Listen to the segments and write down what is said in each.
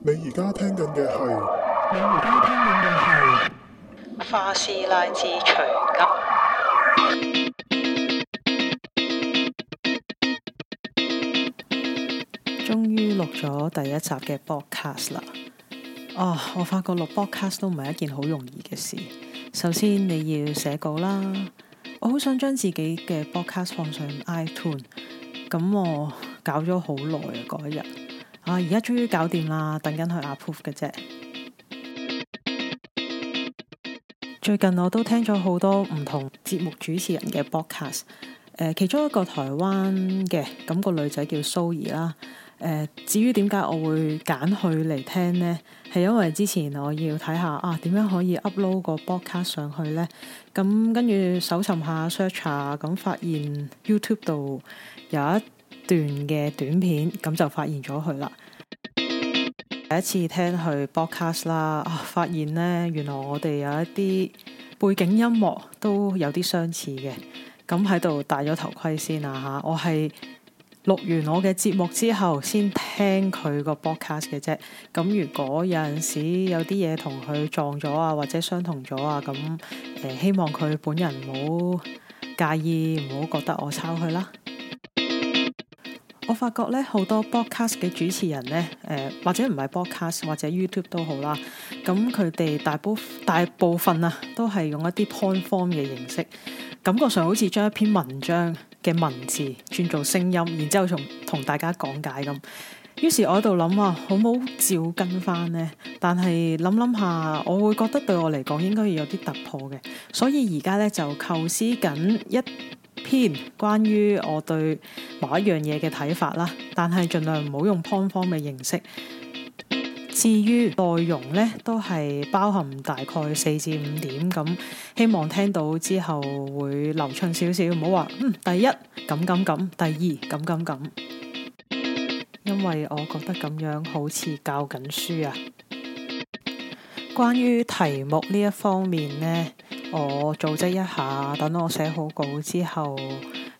你而家聽緊嘅係，你而家聽緊嘅係花師奶之長急，終於錄咗第一集嘅 broadcast 啦。哦、啊，我發覺錄 broadcast 都唔係一件好容易嘅事。首先你要寫稿啦，我好想將自己嘅 broadcast 放上 iTunes，咁我搞咗好耐啊嗰一日。啊！而家終於搞掂啦，等緊去 approve 嘅啫。 最近我都聽咗好多唔同節目主持人嘅 podcast、呃、其中一個台灣嘅咁、個女仔叫 Soy 啦。誒，至於點解我會揀佢嚟聽呢？係因為之前我要睇下啊，點樣可以 upload 個 podcast 上去呢。咁跟住搜尋下 search 下，咁發現 YouTube 度有一段嘅短，短片，咁就發現咗佢啦。第一次聽佢 broadcast 啦，發現呢原來我哋有一啲背景音樂都有啲相似嘅。咁喺度戴咗頭盔先啊，吓、啊！我係錄完我嘅節目之後先聽佢個 broadcast 嘅啫。咁如果有陣時有啲嘢同佢撞咗啊，或者相同咗啊，咁誒、呃，希望佢本人唔好介意，唔好覺得我抄佢啦。我發覺咧好多 broadcast 嘅主持人咧，誒、呃、或者唔係 broadcast 或者 YouTube 都好啦，咁佢哋大部大部分啊，都係用一啲 point form 嘅形式，感覺上好似將一篇文章嘅文字轉做聲音，然之後從同大家講解咁。於是我喺度諗啊，好唔好照跟翻呢？但係諗諗下，我會覺得對我嚟講應該要有啲突破嘅，所以而家咧就構思緊一。篇關於我對某一樣嘢嘅睇法啦，但係盡量唔好用 point form 嘅形式。至於內容呢，都係包含大概四至五點咁，希望聽到之後會流暢少少，唔好話嗯，第一咁咁咁，第二咁咁咁，因為我覺得咁樣好似教緊書啊。關於題目呢一方面呢。我組織一下，等我寫好稿之後，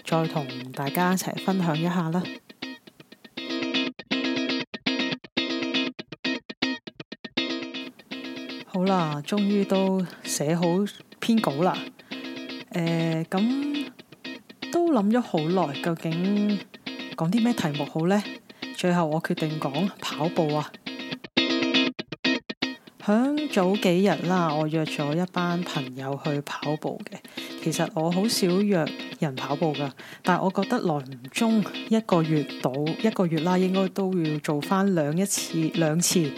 再同大家一齊分享一下啦。 好啦，終於都寫好篇稿啦。誒、呃，咁都諗咗好耐，究竟講啲咩題目好呢？最後我決定講跑步啊！響早幾日啦，我約咗一班朋友去跑步嘅。其實我好少約人跑步噶，但係我覺得耐唔中一個月到一個月啦，應該都要做翻兩一次兩次。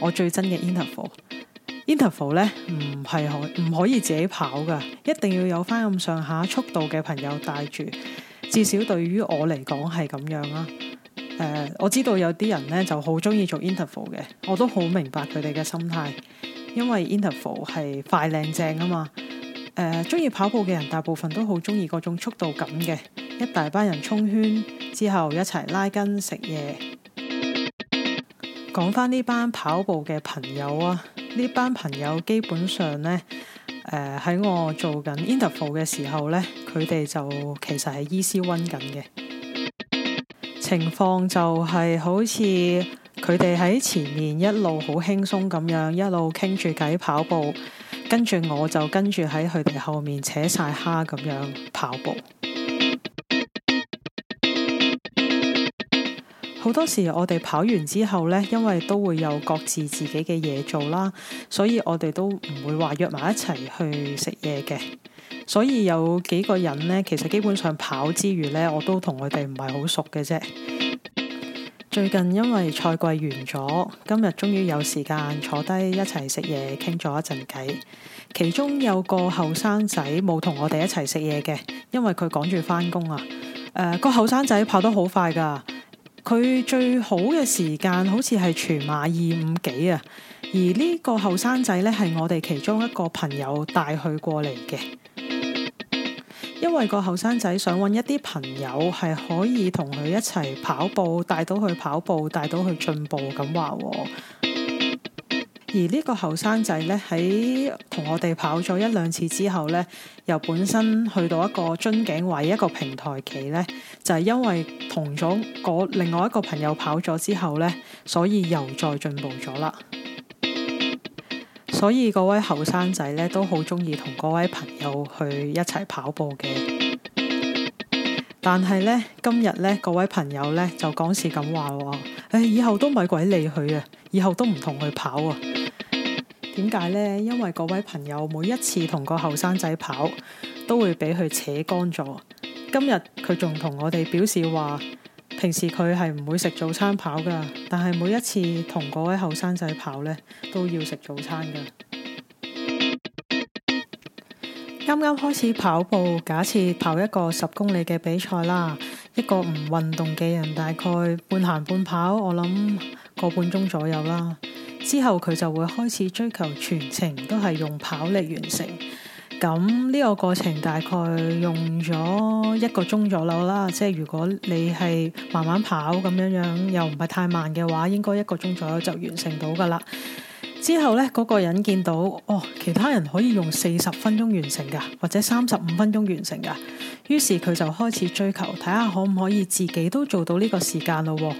我最真嘅 interval，interval 咧唔係可唔可以自己跑噶？一定要有翻咁上下速度嘅朋友帶住，至少對於我嚟講係咁樣啦。誒、呃，我知道有啲人呢就好中意做 interval 嘅，我都好明白佢哋嘅心態，因為 interval 係快、靚、正啊嘛。誒、呃，中意跑步嘅人大部分都好中意嗰種速度感嘅，一大班人衝圈之後一齊拉筋食嘢。講返呢班跑步嘅朋友啊，呢班朋友基本上呢，誒、呃、喺我做緊 interval 嘅時候呢，佢哋就其實係 easy run 緊嘅。情況就係好似佢哋喺前面一路好輕鬆咁樣，一路傾住偈跑步，跟住我就跟住喺佢哋後面扯晒蝦咁樣跑步。好多時我哋跑完之後呢，因為都會有各自自己嘅嘢做啦，所以我哋都唔會話約埋一齊去食嘢嘅。所以有幾個人呢，其實基本上跑之餘呢，我都同佢哋唔係好熟嘅啫。最近因為賽季完咗，今日終於有時間坐低一齊食嘢，傾咗一陣偈。其中有個後生仔冇同我哋一齊食嘢嘅，因為佢趕住返工啊。誒、呃，個後生仔跑得好快噶。佢最好嘅時間好似係全馬二五幾啊，而呢個後生仔呢，係我哋其中一個朋友帶佢過嚟嘅，因為個後生仔想揾一啲朋友係可以同佢一齊跑步，帶到佢跑步，帶到佢進步咁話喎。而呢個後生仔呢，喺同我哋跑咗一兩次之後呢，由本身去到一個樽頸位一個平台期呢，就係因為同咗另外一個朋友跑咗之後呢，所以又再進步咗啦。所以嗰位後生仔呢，都好中意同嗰位朋友去一齊跑步嘅。但係呢，今日呢，嗰位朋友呢，就講事咁話喎，唉，以後都咪鬼理佢啊，以後都唔同佢跑啊！點解呢？因為嗰位朋友每一次同個後生仔跑，都會俾佢扯乾咗。今日佢仲同我哋表示話，平時佢係唔會食早餐跑噶，但係每一次同嗰位後生仔跑呢，都要食早餐噶。啱啱開始跑步，假設跑一個十公里嘅比賽啦，一個唔運動嘅人大概半行半跑，我諗個半鐘左右啦。之後佢就會開始追求全程都係用跑嚟完成，咁呢個過程大概用咗一個鐘左右啦。即係如果你係慢慢跑咁樣樣，又唔係太慢嘅話，應該一個鐘左右就完成到噶啦。之後呢，嗰個人見到哦，其他人可以用四十分鐘完成噶，或者三十五分鐘完成噶，於是佢就開始追求，睇下可唔可以自己都做到呢個時間咯。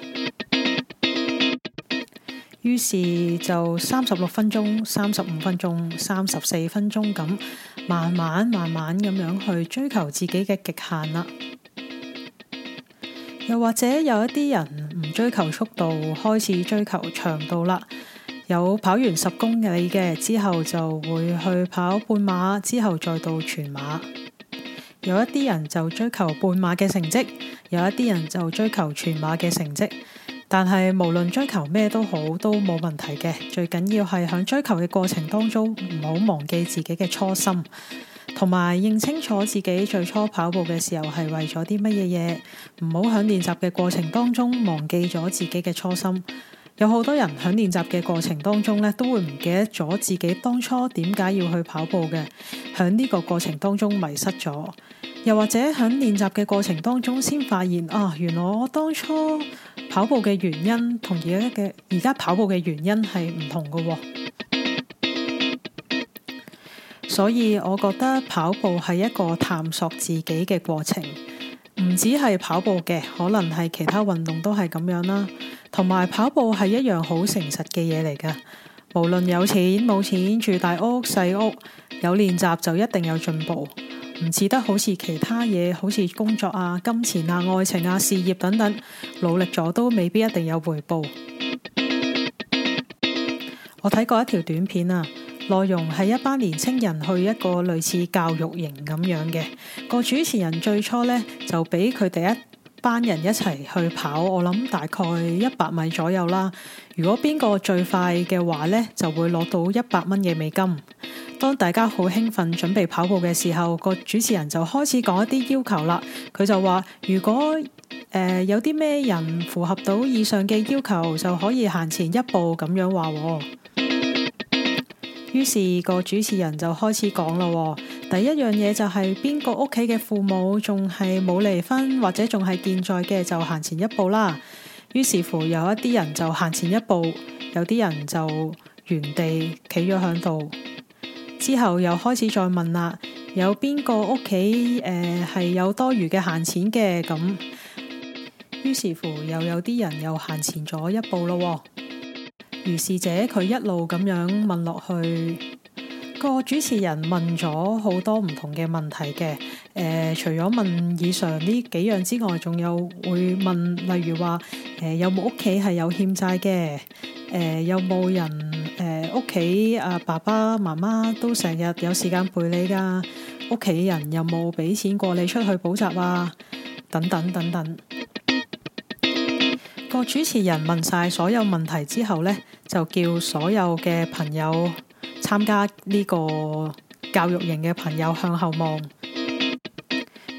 於是就三十六分鐘、三十五分鐘、三十四分鐘咁，慢慢慢慢咁樣去追求自己嘅極限啦。又或者有一啲人唔追求速度，開始追求長度啦。有跑完十公里嘅之後就會去跑半馬，之後再到全馬。有一啲人就追求半馬嘅成績，有一啲人，人就追求全馬嘅成績。但係無論追求咩都好，都冇問題嘅。最緊要係喺追求嘅過程當中，唔好忘記自己嘅初心，同埋認清楚自己最初跑步嘅時候係為咗啲乜嘢嘢。唔好喺練習嘅過程當中忘記咗自己嘅初心。有好多人喺練習嘅過程當中咧，都會唔記得咗自己當初點解要去跑步嘅。喺呢個過程當中迷失咗，又或者喺練習嘅過程當中先發現啊，原來我當初跑步嘅原因同而家嘅，而家跑步嘅原因係唔同㗎。所以我覺得跑步係一個探索自己嘅過程。唔止係跑步嘅，可能係其他運動都係咁樣啦。同埋跑步係一樣好誠實嘅嘢嚟㗎，無論有錢冇錢，住大屋細屋，有練習就一定有進步。唔似得好似其他嘢，好似工作啊、金錢啊、愛情啊、事業等等，努力咗都未必一定有回報。我睇過一條短片啊。內容係一班年青人去一個類似教育營咁樣嘅，個主持人最初呢，就俾佢哋一班人一齊去跑，我諗大概一百米左右啦。如果邊個最快嘅話呢，就會攞到一百蚊嘅美金。當大家好興奮準備跑步嘅時候，個主持人就開始講一啲要求啦。佢就話：如果誒、呃、有啲咩人符合到以上嘅要求，就可以行前一步咁樣話。於是個主持人就開始講啦，第一樣嘢就係邊個屋企嘅父母仲係冇離婚或者仲係健在嘅，就行前一步啦。於是乎有一啲人就行前一步，有啲人就原地企咗響度。之後又開始再問啦，有邊個屋企誒係有多餘嘅閒錢嘅咁？於是乎又有啲人又行前咗一步啦。如是者佢一路咁樣問落去，個主持人問咗好多唔同嘅問題嘅。誒、呃，除咗問以上呢幾樣之外，仲有會問，例如話誒、呃、有冇屋企係有欠債嘅？誒、呃、有冇人誒屋企啊爸爸媽媽都成日有時間陪你㗎、啊？屋企人有冇俾錢過你出去補習啊？等等等等。個主持人問晒所有問題之後呢，就叫所有嘅朋友參加呢個教育營嘅朋友向後望。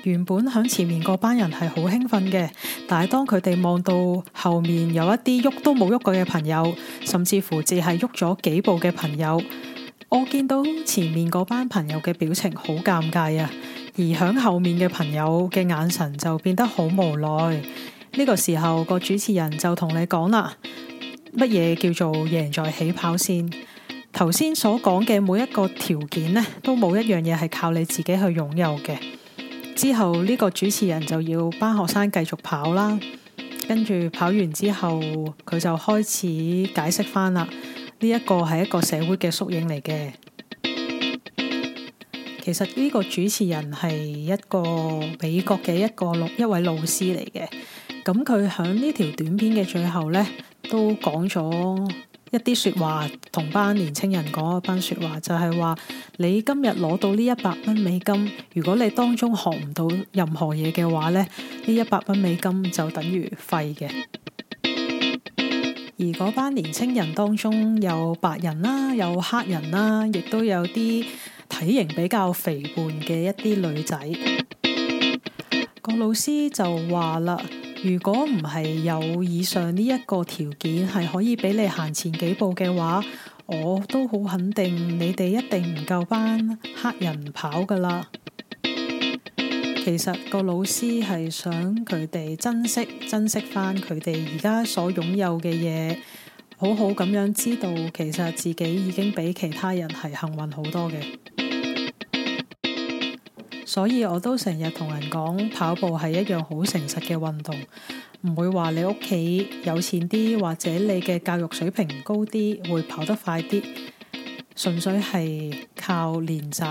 原本響前面嗰班人係好興奮嘅，但係當佢哋望到後面有一啲喐都冇喐過嘅朋友，甚至乎只係喐咗幾步嘅朋友，我見到前面嗰班朋友嘅表情好尷尬啊，而響後面嘅朋友嘅眼神就變得好無奈。呢個時候，個主持人就同你講啦，乜嘢叫做贏在起跑線？頭先所講嘅每一個條件呢，都冇一樣嘢係靠你自己去擁有嘅。之後呢、這個主持人就要班學生繼續跑啦，跟住跑完之後，佢就開始解釋翻啦。呢、這、一個係一個社會嘅縮影嚟嘅。其實呢個主持人係一個美國嘅一個一位老師嚟嘅。咁佢喺呢條短片嘅最後呢，都講咗一啲說話，同班年青人講一班說話，就係話你今日攞到呢一百蚊美金，如果你當中學唔到任何嘢嘅話咧，呢一百蚊美金就等於廢嘅。而嗰班年青人當中有白人啦，有黑人啦，亦都有啲體型比較肥胖嘅一啲女仔，個老師就話啦。如果唔係有以上呢一個條件，係可以俾你行前幾步嘅話，我都好肯定你哋一定唔夠班黑人跑噶啦。其實個老師係想佢哋珍惜，珍惜返佢哋而家所擁有嘅嘢，好好咁樣知道其實自己已經比其他人係幸運好多嘅。所以我都成日同人講跑步係一樣好誠實嘅運動，唔會話你屋企有錢啲或者你嘅教育水平高啲會跑得快啲，純粹係靠練習。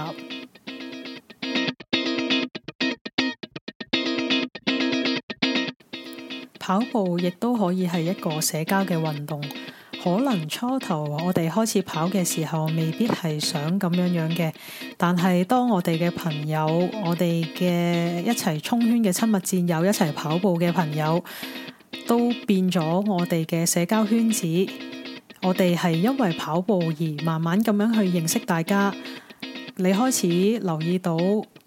跑步亦都可以係一個社交嘅運動。可能初頭我哋開始跑嘅時候，未必係想咁樣樣嘅。但係當我哋嘅朋友、我哋嘅一齊衝圈嘅親密戰友、一齊跑步嘅朋友，都變咗我哋嘅社交圈子。我哋係因為跑步而慢慢咁樣去認識大家。你開始留意到。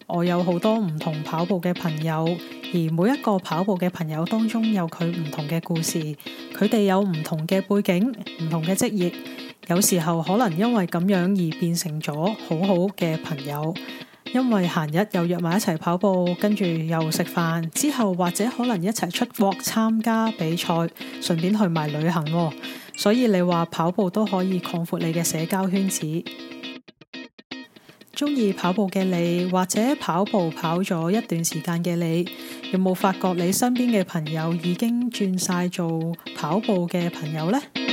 我有好多唔同跑步嘅朋友，而每一個跑步嘅朋友當中有佢唔同嘅故事，佢哋有唔同嘅背景、唔同嘅職業，有時候可能因為咁樣而變成咗好好嘅朋友。因為閒日又約埋一齊跑步，跟住又食飯，之後或者可能一齊出國參加比賽，順便去埋旅行。所以你話跑步都可以擴闊你嘅社交圈子。中意跑步嘅你，或者跑步跑咗一段時間嘅你，有冇發覺你身邊嘅朋友已經轉晒做跑步嘅朋友咧？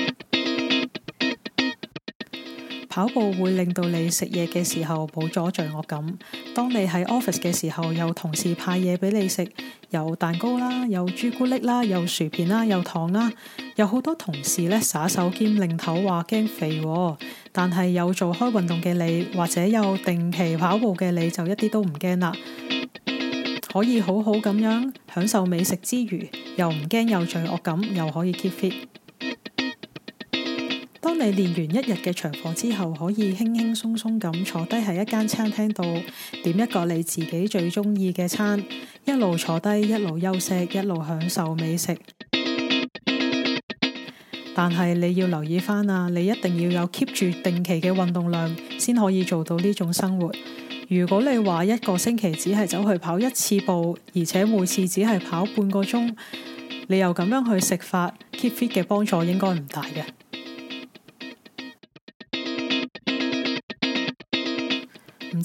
跑步會令到你食嘢嘅時候冇咗罪惡感。當你喺 office 嘅時候，有同事派嘢俾你食，有蛋糕啦，有朱古力啦，有薯片啦，有糖啦，有好多同事咧耍手兼擰頭話驚肥喎。但係有做開運動嘅你，或者有定期跑步嘅你，就一啲都唔驚啦，可以好好咁樣享受美食之餘，又唔驚有罪惡感，又可以 keep fit。當你練完一日嘅長課之後，可以輕輕鬆鬆咁坐低喺一間餐廳度，點一個你自己最中意嘅餐，一路坐低，一路休息，一路享受美食。但係你要留意翻啊，你一定要有 keep 住定期嘅運動量，先可以做到呢種生活。如果你話一個星期只係走去跑一次步，而且每次只係跑半個鐘，你又咁樣去食法，keep fit 嘅幫助應該唔大嘅。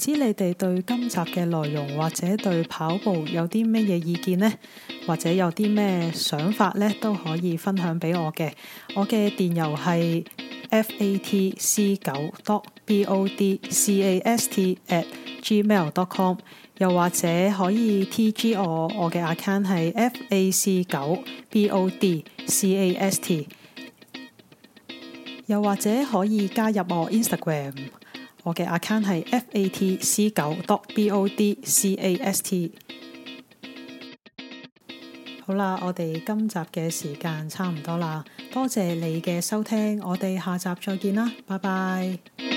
唔知你哋對今集嘅內容，或者對跑步有啲咩嘢意見呢？或者有啲咩想法呢？都可以分享俾我嘅。我嘅電郵係 f a t c 九 dot b o d c a s t at gmail dot com，又或者可以 T G 我，我嘅 account 係 f a c 九 b o d c a s t，又或者可以加入我 Instagram。我嘅 account 係 f a t c 九 dot d o d c a s t。好啦，我哋今集嘅時間差唔多啦，多謝你嘅收聽，我哋下集再見啦，拜拜。